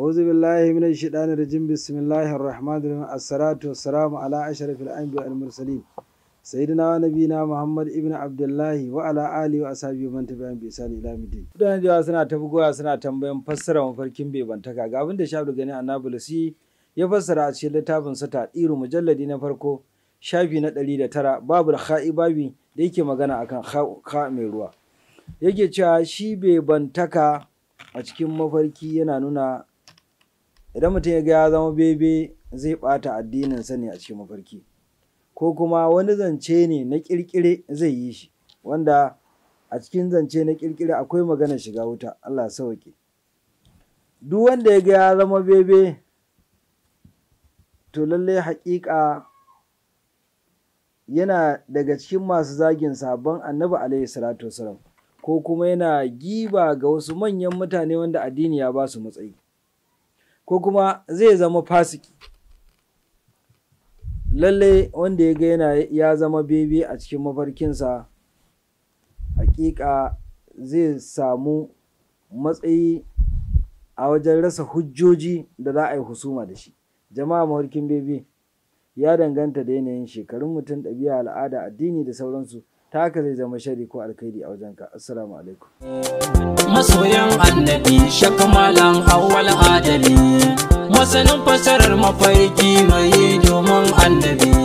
أعوذ بالله من الشيطان الرجيم بسم الله الرحمن الرحيم الصلاة والسلام على أشرف الأنبياء والمرسلين سيدنا ونبينا محمد ابن عبد الله وعلى آله وأصحابه من تبعهم بإحسان إلى يوم الدين. Mutane da yawa suna ta bugowa suna tambayan fassara mafarkin bai bantaka ga abin da Shabu Gani Annabulusi ya fassara a cikin littafin sa Tadiru mujalladi na farko shafi na ɗari da tara babu kha'i babi da yake magana akan kha mai ruwa. Yake cewa shi bai bantaka a cikin mafarki yana nuna idan mutum ya ga ya zama bebe zai ɓata addinin sa ne a cikin mafarki ko kuma wani zance ne na ƙirƙire zai yi shi wanda a cikin zance na ƙirƙire akwai magana shiga wuta Allah sauƙi duk wanda ya ga ya zama bebe to lallai haƙiƙa yana daga cikin masu zagin sabon annabi alaihi salatu wasalam ko kuma yana giba ga wasu manyan mutane wanda addini ya ba su matsayi ko kuma zai zama fasiki lalle wanda ya ga yana ya zama bebe a cikin mafarkinsa hakika zai samu matsayi a wajen rasa hujjoji da za a yi husuma da shi jama'a mafarkin bebe ya danganta da yanayin shekarun mutum ɗabi'a al'ada addini da sauransu ta haka zai zama shari ko alkhairi a wajenka assalamu alaikum masoyan annabi shakamalan awwal adali masanin fasarar mafarki mai domin annabi